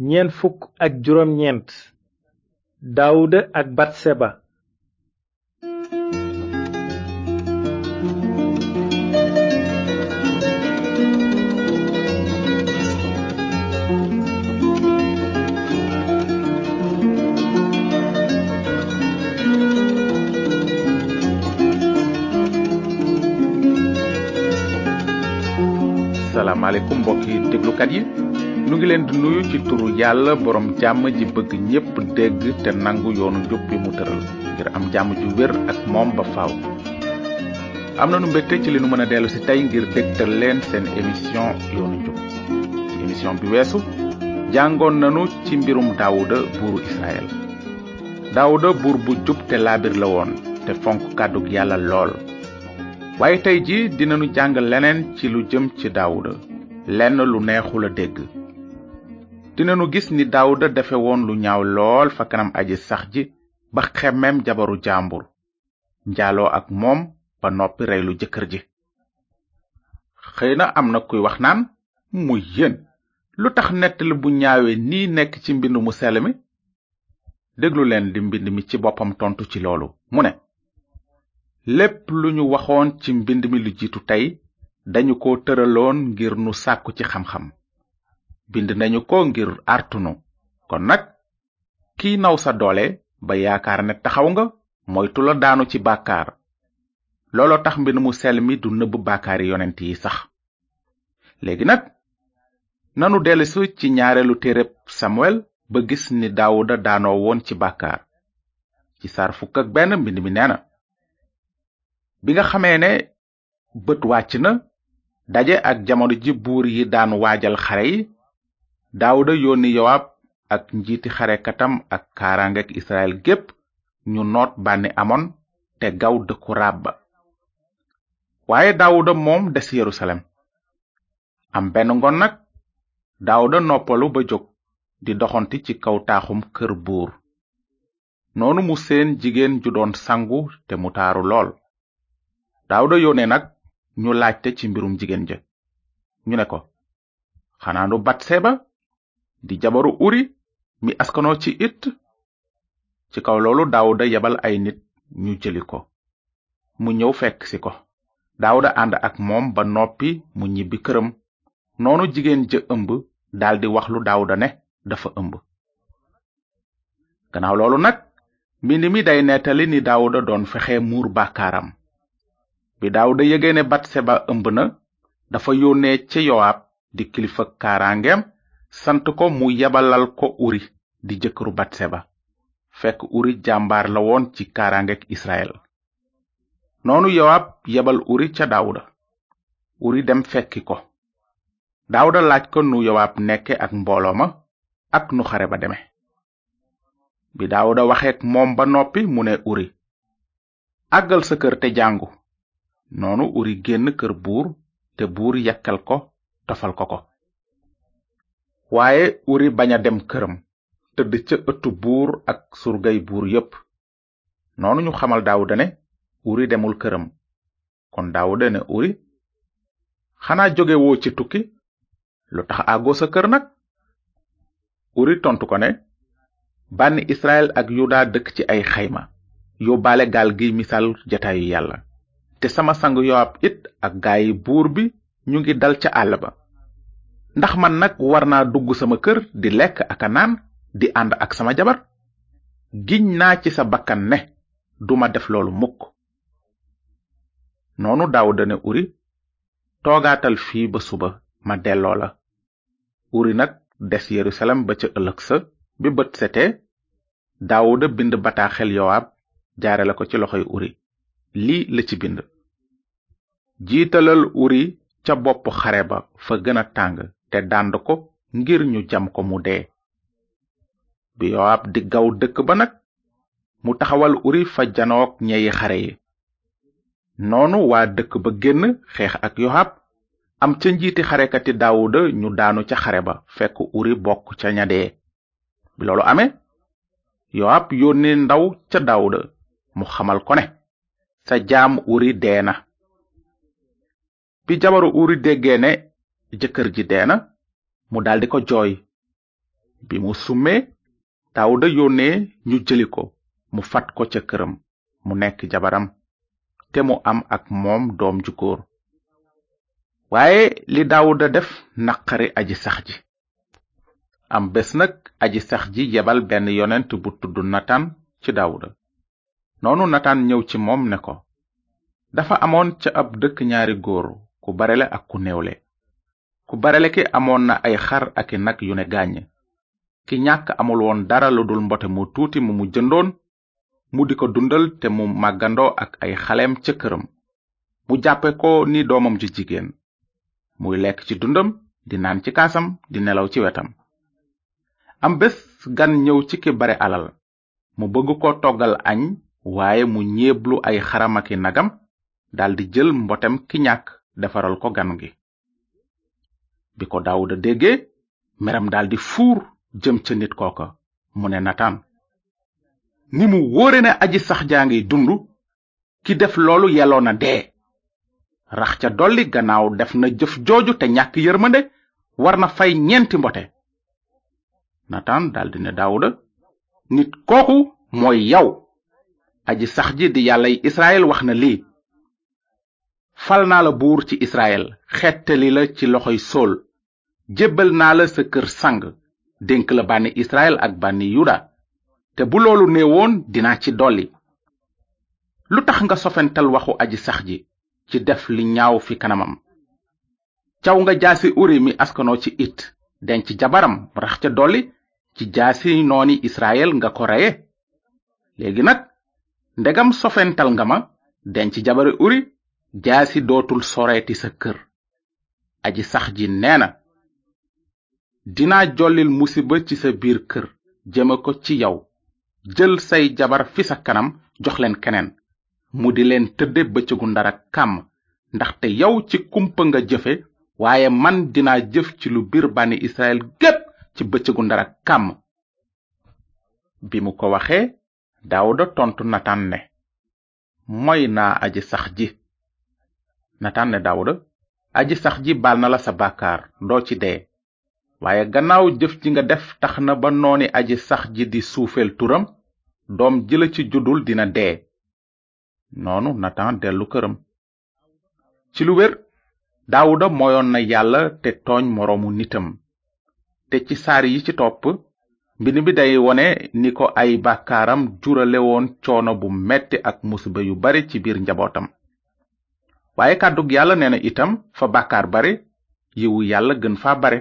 ñeent ak juróom ñeent ak batseba salaamaaleykum mbokki déglukat yi nu ngi leen di nuyu ci turu yàlla boroom jàmm ji bëgg ñépp dégg te nangu yoonu njub bi mu tëral ngir am jàmm ju wér ak moom ba faaw am na nu mbégte ci li nu mën a dellu tey ngir dégtal leen seen émission yoonu njub ci émission bi weesu jàngoon nanu ci mbirum daawuda buuru israel daawuda buur bu jub te laabir la woon te fonk kàddug yàlla lool waaye tey ji dinanu jàng leneen ci lu jëm ci daawuda lenn lu neexul a dégg dinañu gis ni daawuda defe woon lu ñaaw lool fa kanam aji sax ji ba xemeem jabaru jàmbur njaaloo ak moom ba noppi rey lu jëkkër ji xëy na am na koy wax naan mu yéen lu tax nettali bu ñaawee nii nekk ci mbind mu sell déglu leen di mbind mi ci boppam tontu ci loolu mu ne lépp lu ñu waxoon ci mbind mi lu jiitu tey dañu ko tëraloon ngir nu sàkku ci xam-xam bind nañu ko ngir artunu kon nag kiy naw sa doole ba yaakaar ne taxaw nga moytu la daanu ci bàkkaar looloo tax mbind mu sell mi du nëbb bàkkaari yonent yi sax léegi nag nanu dellisu ci ñaareelu téereb samuel ba gis ni daawuda daanoo woon ci bàkkaar ci saar fukk ak benn mbind mi nee bi nga xamee ne bët wàcc na daje ak jamono ji buur yi daan waajal xare yi daawuda yónni yowaab ak njiiti xarekatam ak kaaraangeek israel gépp ñu noot bànni amon te gaw dëkku rabba waaye daawuda moom des yerusalem am benn ngoon nag daawuda noppalu ba jóg di doxanti ci kaw taaxum kër buur noonu mu seen jigéen ju doon sangu te mu taaru lool daawuda yoone nag ñu laajte ci mbirum jigéen ja ñu ne ko xanaa du batseba di jabaru uri mi askano ci it ci kaw loolu daawuda yebal ay nit ñu jëli ko mu ñëw fekk si ko daawuda ànd ak moom ba noppi mu ñibbi këram noonu jigéen ja ëmb daldi wax lu daawuda ne dafa ëmb gannaaw loolu nag mbind mi day nettali ni daawuda doon fexe muur bàkkaaram bi daawuda yëgee ne batseba ëmb na dafa yónnee ci yowaab di kilifa kaaraangeem sant ko mu yabalal ko uri di jëkkëru batseba fekk uri jàmbaar la woon ci kaaraangeek israel noonu yowaab yebal uri ca daawuda uri dem fekki ko daawuda laaj ko nu yowaab nekke ak mbooloo ma ak nu xare ba deme bi daawuda waxeek moom ba noppi mu ne uri àggal sa kër te jàngu noonu uri génn kër buur te buur yakkal ko tofal ko ko waaye uri bañ a dem këram tëdd ca ëttu buur ak surgay buur yépp noonu ñu xamal daawuda ne uri demul këram kon daawuda ne uri xanaa jóge woo ci tukki lu tax àggoo sa kër nag uri tontu ko ne bànni israel ak yuda dëkk ci ay xayma yóbbaale gaal gi misaal jataayu yàlla te sama sang yoab it ak gaayi buur bi ñu ngi dal ca àll ba ndax man nag war naa dugg sama kër di lekk ak a naan di ànd ak sama jabar giñ naa ci sa bakkan ne duma def loolu mukk noonu daawuda ne uri toogaatal fii ba suba ma delloo la uri nag des yerusalem ba ca ëllëg sa bi bët setee daawuda bind bataaxel yowaab jaare ko ci loxoy uri lii la ci bind jiitalal uri ca bopp xare ba fa gën a tàng te dànd ko ngir ñu jam ko mu dee bi yowaab di gaw dëkk ba nag mu taxawal uri fa janook ñeyi xare yi noonu waa dëkk ba génn xeex ak yowaab am ca njiiti xarekati daawuda ñu daanu ca xare ba fekk uri bokk ca ña dee bi loolu amee yowaab yónnee ndaw ca daawuda mu xamal ko ne sa jaam uri dee na bi jabaru uri déggee ne jëkkër ji deena mu daldi ko jooy bi mu summee daawuda yónnee ñu jëli ko mu fat ko ca këram mu nekk jabaram te mu am ak moom doom ju góor waaye li daawuda def naqari aji sax ji am bés nag aji sax ji yebal benn yonent bu tudd nataan ci daawuda noonu nataan ñëw ci moom ne ko dafa amoon ca ab dëkk ñaari góor ku barele ak ku néewle ku bareleki amoon na ay xar ak nag yu ne gaañ ki ñàkk amul woon dara lu dul mbote mu tuuti mu mu jëndoon mu di ko dundal te mu màggandoo ak ay xaleem ca këram mu jàppe ko ni doomam ci jigéen muy lekk ci dundam di naan ci kaasam di nelaw ci wetam am bés gan ñëw ci ki bare alal mu bëgg ko toggal añ waaye mu ñeeblu ay xaramaki ak i nagam daldi jël mbotem ki ñàkk defaral ko gan gi bi ko daawuda dégge meram daldi fuur jëm ca nit kooka mu ne nataan ni mu wóore ne aji sax jaa ngi dund ki def loolu yelloo na dee rax ca dolli gannaaw def na jëf jooju te ñàkk yërmande war na fay ñeenti mbote nataan daldi ne daawuda nit kooku mooy yow aji sax ji di yàllay israel wax na lii fal naa la buur ci israel xettali la ci loxoy sol jébbal naa la sa kër sang dénk la bànni israel ak bànni yuda te bu loolu neewoon dina ci dolli lu tax nga sofental waxu aji sax ji ci def li ñaaw fi kanamam caw nga jaasi uri mi askanoo ci it denc jabaram rax ca dolli ci jaasi nooni israel nga ko reye léegi nag ndegam sofental nga ma denc jabari uri jaasi dootul soreeti sa kër aji sax ji nee na dinaa jollil musiba ci sa biir kër jëme ko ci yow jël say jabar fi sa kanam jox leen keneen mu di leen tëdde bëccëgu ndara kàmm ndaxte yow ci kumpa nga jëfe waaye man dinaa jëf ci lu biir bànni israel gépp ci bëccëgu ndara kàmm bi mu ko waxee daawuda tontu nataan ne moy naa aji sax ji nataan ne aji sax ji baal na la sa bàkkaar doo ci dee waaye gannaaw jëf ji nga def tax na ba nooni aji sax ji di suufeel turam doom ji la ci juddul dina dee noonu natan dellu këram ci lu wér daawuda moyoon na yàlla te tooñ moroomu nitam te ci saar yi ci topp mbind bi day wone ni ko ay bàkkaaram jurale woon coono bu metti ak musiba yu bari ci biir njabootam waaye kàddug yàlla nee itam fa bàkkaar bare yiwu yàlla gën fa bare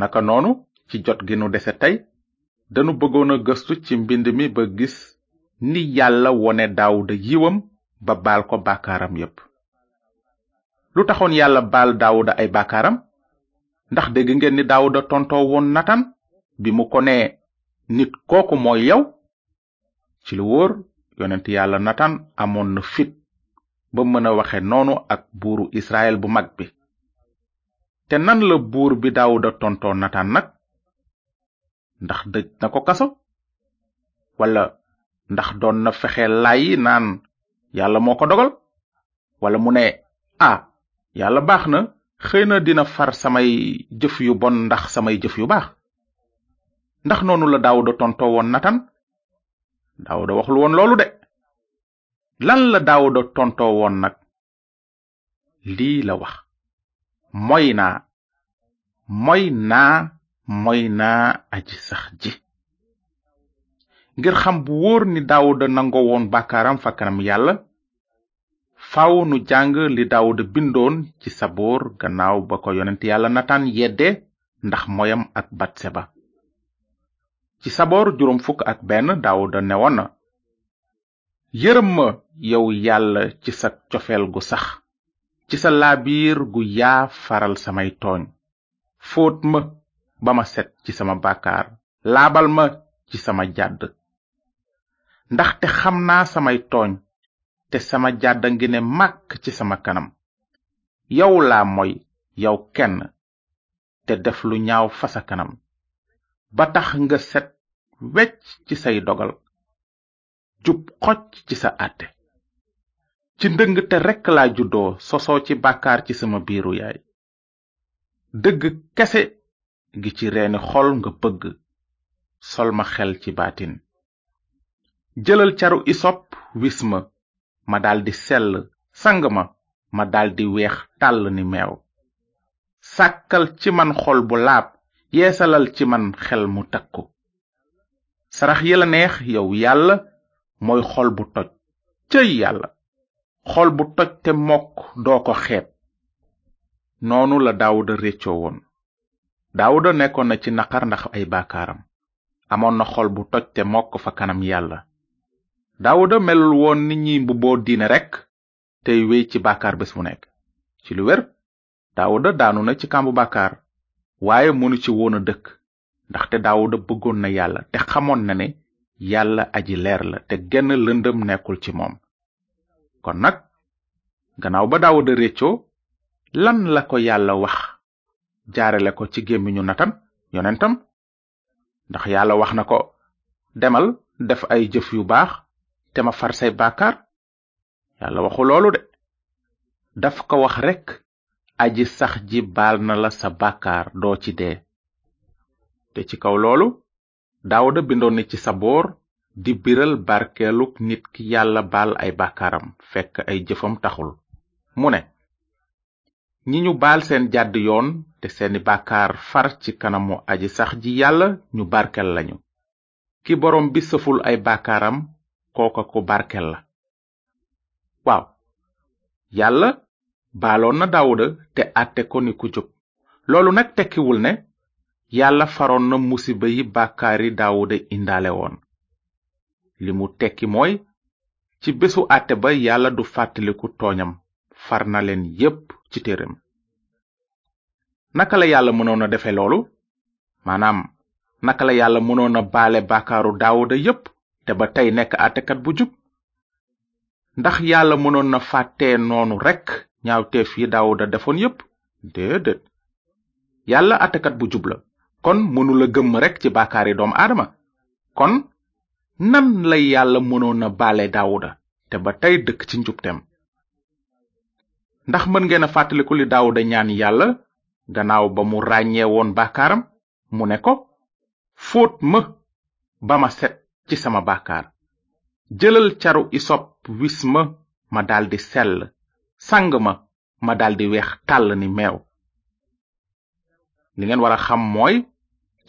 naka noonu ci jot gi nu dese tey danu bëggoon a gëstu ci mbind mi ba gis ni yàlla wone daawuda yiwam ba baal ko bàkkaaram yépp lu taxoon yàlla baal daawuda ay bàkkaaram ndax dégg ngeen ni daawuda tontoo woon natan bi mu ko nee nit kooku mooy yow ci lu wóor yonent yàlla natan amoon na fit ba mën a waxe noonu ak buuru israel bu mag bi te nan la buur bi daawuda tontoo nataan nag ndax dëj na ko kaso wala ndax doon na fexe lay naan yàlla moo ko dogal wala mu ne ah yàlla baax na xëy na dina far samay jëf yu bon ndax samay jëf yu baax ndax noonu la daawuda tontoo woon nataan daawuda waxul woon loolu de lan la daawuda tontoo woon nag lii la wax moy na moy na moy naa aji sax ji ngir xam bu woor ni daawuda nango woon bàkkaaram fa kanam yàlla faaw nu jàng li daawuda bindoon ci saboor gannaaw ba ko yonent yàlla nataan yedde ndax moyam ak batseba ci saboor juróom fukk ak benn daawuda newoon yërëm ma yow yàlla ci sa cofeel gu sax ci sa laabiir gu yaa faral samay tooñ foot ma ba ma set ci sama bàkkaar laabal ma ci sama jàdd ndaxte xam naa samay tooñ te sama jàdd ngi ne màkk ci sama kanam yow la moy yow kenn te def lu ñaaw fa sa kanam ba tax nga set wecc ci say dogal jub xocc ci sa ate ci ndëng te rekk laa juddoo sosoo ci bàkkaar ci sama biiru yaay dëgg kese gi ci reeni xol nga bëgg sol ma xel ci baatin jëlal caru isop wis ma ma daldi sell sang ma ma daldi weex tàll ni meew sàkkal ci man xol bu laab yeesalal ci man xel mu takku sarax yi la neex yow yàlla mooy xol bu toj cëy yàlla xol bu toj te mokk doo ko xeeb noonu la daawuda réccoo woon daawuda nekkoon na ci naqar ndax ay baakaaram amoon na xol bu toj te mokk fa kanam yàlla daawuda melul woon nit ñi mbubboo diine rekk tey wéy ci baakaar bés bu nekk ci lu wér daawuda daanu na ci kàmbu baakaar waaye mënu ci woon a dëkk ndaxte daawuda bëggoon na yàlla te xamoon na ne yàlla aji leer la te genn lëndëm nekkul ci moom kon nag gannaaw ba daawuda réccoo lan la ko yàlla wax jaarale ko ci gémmiñu natam yonentam ndax yàlla wax na ko demal def ay jëf yu baax te ma far say bàkkaar yàlla waxu loolu de daf ko wax rekk aji sax ji baal na la sa bàkkaar doo ci dee te ci kaw loolu daawuda bindoon na ci saboor di biral barkeeluk nit ki yàlla baal ay bàkkaaram fekk ay jëfam taxul mu ne ñi ñu baal seen jàdd yoon te seeni bàkkaar far ci kanamu aji sax ji yàlla ñu barkel lañu ki boroom bi sëful ay bàkkaaram kooka ko barkel la waaw yàlla baaloon na daawuda te àtte ko ni ku jub loolu nag tekkiwul ne yàlla faroon na musiba yi bàkkaari daawuda indaale woon li mu tekki mooy ci bésu àtte ba yàlla du fàttaliku tooñam far na leen yépp ci téereem naka la yàlla mënoon a defe loolu maanaam naka la yàlla mënoon a baale baakaaru daawuda yépp te ba tey nekk àttekat bu jub ndax yàlla mënoon na fàttee noonu rekk ñaawteef yi daawuda defoon yépp déedéet yàlla àttekat bu jub la kon mënula gëmm rekk ci baakaari doomu aadama kon nan la yàlla mënoona a baale daawuda te ba tey dëkk ci njubteem ndax mën ngeen a fàttaliku li daawuda ñaan yàlla gannaaw ba mu ràññee woon bàkkaaram mu ne ko fóot ma ba ma set ci sama bàkkaar jëlal caru isop wis ma ma daldi sell sàng ma ma daldi weex tàll ni meew li ngeen war xam mooy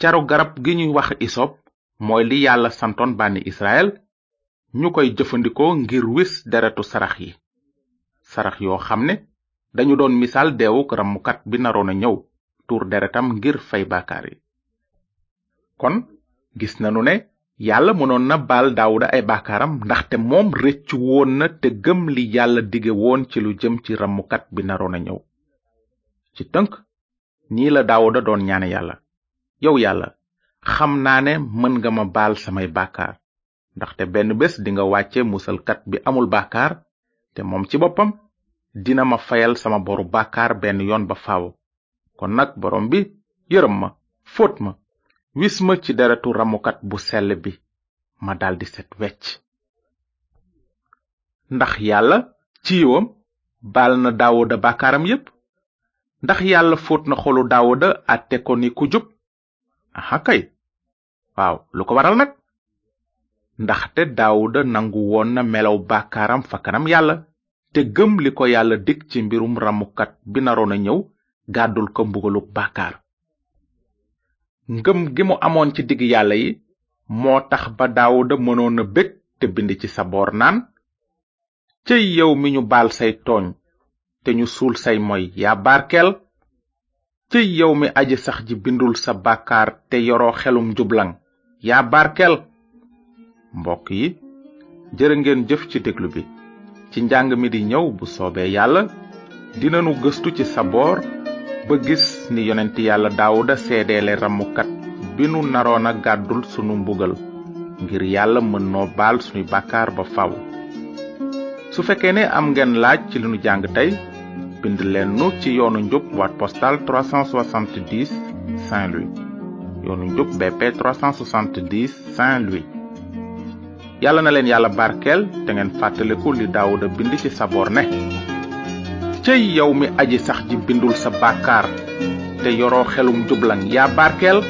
caru garab gi ñuy wax isop mooy li yàlla santoon bànni israel ñu koy jëfandikoo ngir wis deretu sarax yi sarax yoo xam ne dañu doon misaal deewuk ramukat bi naroon a ñëw tuur deretam ngir fay baakaar yi kon gis nanu ne yàlla mënoon na baal daawuda ay baakaaram ndaxte moom rëccu woon na te gëm li yàlla dige woon ci lu jëm ci ramukat bi naroon a ñëw ci tënk nii la daawuda doon ñaane yàlla yow yàlla xam naa ne mën nga ma baal samay bàkkaar ndaxte benn bés dinga wàcce musalkat bi amul bàkkaar te moom ci boppam dina ma fayal sama boru bàkkaar benn yoon ba faaw kon nag boroom bi yërëm ma fóot ma wis ma ci deretu ramukat bu sell bi ma daldi set wecc ndax yàlla ci yiwam baal na daawuda bàkkaaram yépp ndax yàlla fóot na xolu daawuda àtte ko ni ku jub aha waaw lu ko waral nag ndaxte daawuda nangu woon na melow baakaaram fa kanam yàlla te gëm li ko yàlla dig ci mbirum ramukat bi naroon a ñëw gàddul ko mbugaluk baakaar ngëm gi mu amoon ci digg yàlla yi moo tax ba daawuda mënoon a bég te bind ci saboor naan cëy yow mi ñu baal say tooñ te ñu suul say moy yaa barkeel ci yow mi aji sax ji bindul sa bàkkaar te yoroo xelum jublaŋ yaa barkel mbokk yi jërë ngeen jëf ci déglu bi ci njàng mi di ñëw bu soobee yàlla dinanu gëstu ci saboor ba gis ni yonent yàlla daawuda seedeele ramukat bi nu naroon a gàddul sunu mbugal ngir yàlla mën noo baal sunuy bàkkaar ba faw su fekkee ne am ngeen laaj ci li nu jàng tey bind leen ci yoonu njub boîte postale 370 Saint-Louis yoonu njub BP 370 Saint-Louis. yàlla na leen yàlla barkeel te ngeen fàttaliku li Daawuda bind ci saboor ne cëy yow mi aji sax ji bindul sa bàkkaar te yoroo xelum jublan yaa barkeel